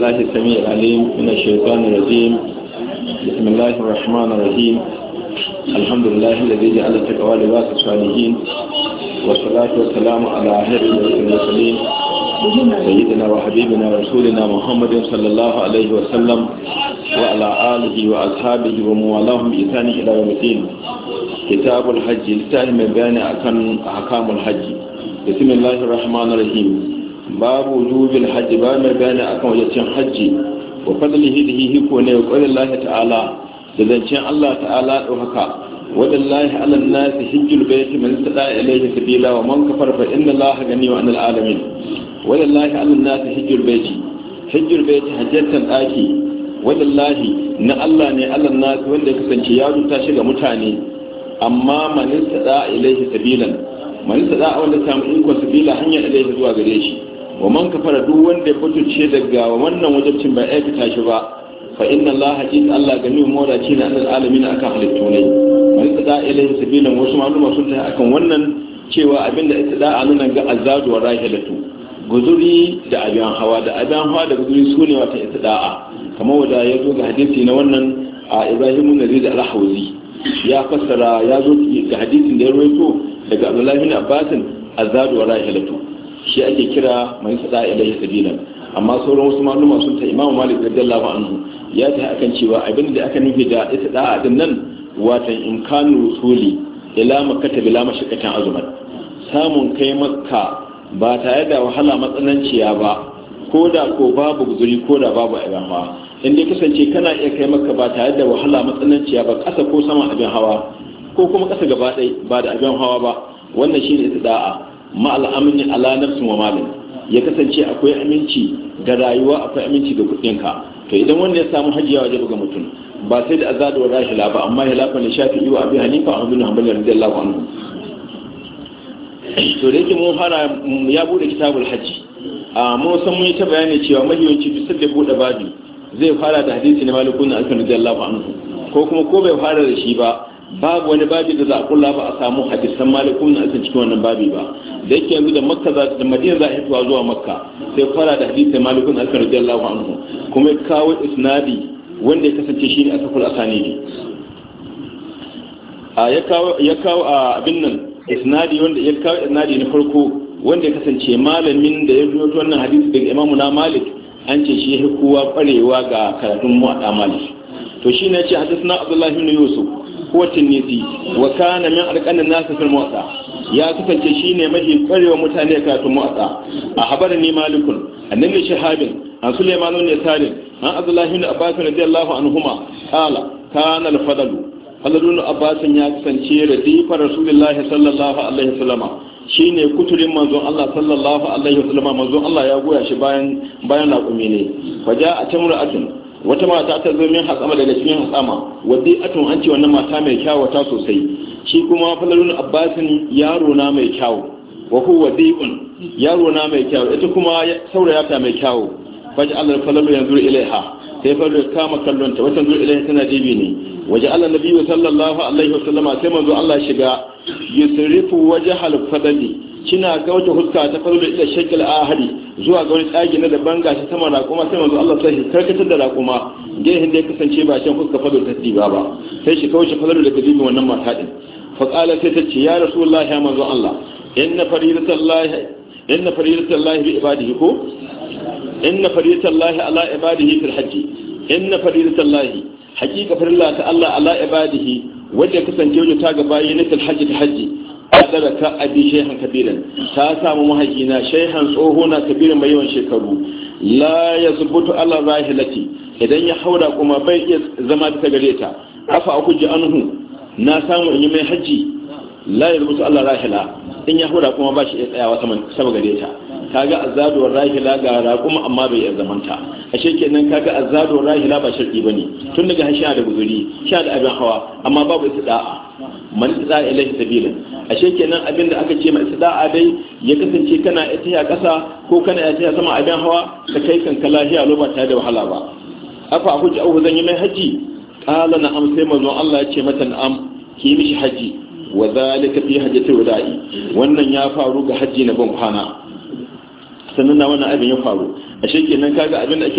الله السميع العليم من الشيطان الرجيم بسم الله الرحمن الرحيم الحمد لله الذي جعل التقوى لباس الصالحين والصلاة والسلام على أهل المرسلين سيدنا وحبيبنا رسولنا محمد صلى الله عليه وسلم وعلى آله وأصحابه وموالاهم بإحسان إلى يوم الدين كتاب الحج من بين أحكام الحج بسم الله الرحمن الرحيم babu wujubin hajji ba mai bayani akan wajen hajji wa fadlihi da hihiko ne wa qawlin Allah ta'ala da zancen Allah ta'ala haka. dauka wadallahi ala nasi hijjul bayti man sada ilayhi sabila wa man kafara fa inna Allah wa 'anil alamin wadallahi ala nasi hijjul bayti hijjul bayti hajjatan daki wadallahi na Allah ne ala nasi wanda ya kasance ya rubuta shi ga mutane amma man sada ilayhi sabilan man sada wanda samu ikon sabila hanyar ilayhi zuwa gare shi wa man kafara duk wanda ya kutuce daga wannan wajabcin ba aikata shi ba fa inna Allah hakin Allah gani mola ce na annal alamin akan halittu ne man tada ilayhi sabilan wasu maluma sun ta akan wannan cewa abinda da a nan ga azadu wa rahilatu guzuri da abin hawa da abiyan hawa da guzuri sune wata ittida'a kamar wanda ya zo ga hadisi na wannan a Ibrahim Nazir al-Hawzi ya fassara ya zo ga hadisin da ya rawaito daga Abdullah bin Abbas azadu wa rahilatu shi ake kira mai sada ilai sabila amma sauran wasu maluma sun ta imamu malik radiyallahu anhu ya ta akan cewa abin da aka nufi da ita da'a din nan watan imkanu rusuli ila makkata bila mashakatan azumat samun kai makka ba tare da wahala matsananciya ba ko da ko babu guzuri ko da babu abin hawa in dai kasance kana iya kai maka ba tare da wahala matsananciya ba kasa ko sama abin hawa ko kuma kasa gaba ɗaya ba da abin hawa ba wannan shine ita da'a ma'al'amini amini ala nafsin wa malin ya kasance akwai aminci ga rayuwa akwai aminci ga kudinka to idan wanda ya samu hajiyawa waje ga mutum ba sai da azadu wa rahila ba amma lafa ne shafi iwa abin hanifa a hannun hanbal radiyallahu anhu to da yake mun fara ya bude kitabul hajji a mun san mun yi ta bayani cewa mahiyoci duk sai da bude babi zai fara da hadisi na malikun alkan radiyallahu anhu ko kuma ko bai fara da shi ba babu wani babi da za a kula ba a samu hadisan malikun na cikin wannan babi ba da yake yanzu da makka za da madina za a hitowa zuwa makka sai fara da hadisan malikun na cikin radiyallahu anhu kuma kawo isnadi wanda ya kasance shi ne a asanidi a ya kawo ya kawo a abin nan isnadi wanda ya kawo isnadi na farko wanda ya kasance malamin da ya rubuta wannan hadisi daga imamu na malik an ce shi ya kowa kwarewa ga karatun mu a malik to shi ne ya ce hadisna abdullahi ibn yusuf ko Nisi wa kana min arqanin nas fil motsa. ya kasance shine mafi kwarewa mutane kafin motsa. a habarani malikun annabi shahabin an sulaiman ne salim an abdullahi ibn abbas radiyallahu anhuma qala kana al fadlu fadlun abbas ya kasance radifa rasulullahi sallallahu alaihi wasallama shine kuturin manzon Allah sallallahu alaihi wasallama manzon Allah ya goya shi bayan bayan laƙumi ne faja a tamra'atun wata mata ta zo min hasama daga cikin hasama wadda atun an ce wannan mata mai kyawata sosai shi kuma falalun abbasin yaro na mai kyawu wa huwa di'un yaro na mai kyawu ita kuma sauraya ta mai kyawu faji alal falalu yanzu ilaiha sai falalu kama kallon ta wata zuwa ilaiha tana dibi ne waje alal nabiyyu sallallahu alaihi wasallam sai manzo Allah shiga yusrifu wajhal fadali kina kauta huska ta falalu ila shakil ahadi zuwa ga wani tsagi na daban gashi sama raƙuma sai manzo Allah sai karkatar da raƙuma gehen da ya kasance ba can fuska fadar ta diba ba sai shi kawai shi fadar da kadibin wannan mata din fa qala sai ta ce ya rasu rasulullahi ya manzo Allah inna faridatallahi inna bi ibadihi ko inna faridatallahi ala ibadihi fil hajji inna faridatallahi hakika farilla ta Allah ala ibadihi wanda kasance wajen ta ga bayi na fil hajji ta hajji adaraka abi shehan kabiran ta samu mahajina tsoho tsohona kabirin mai yawan shekaru la yasbutu ala zahilati idan ya haura kuma bai iya zama bisa gare ta afa akuji anhu na samu in yi mai haji la yasbutu ala zahila in ya haura kuma ba shi iya tsayawa sama gare ta kaga azadu rahila ga raqum amma bai yar zamanta ashe kenan kaga azadu rahila ba sharti bane tun daga hasha da guzuri sha da abin hawa amma babu istida'a man istida'a ilahi sabilan ashe kenan abin da aka ce mai istida'a dai ya kasance kana itiya kasa ko kana itiya sama abin hawa ka kai kanka lahiya lo ba tare da wahala ba afa hujja au zan yi mai haji qala na am sai manzon Allah ya ce mata na'am ki mishi haji wa zalika fi hajjati wada'i wannan ya faru ga haji na ban kwana sannan na wannan abin ya faru a kenan kaga abin da ake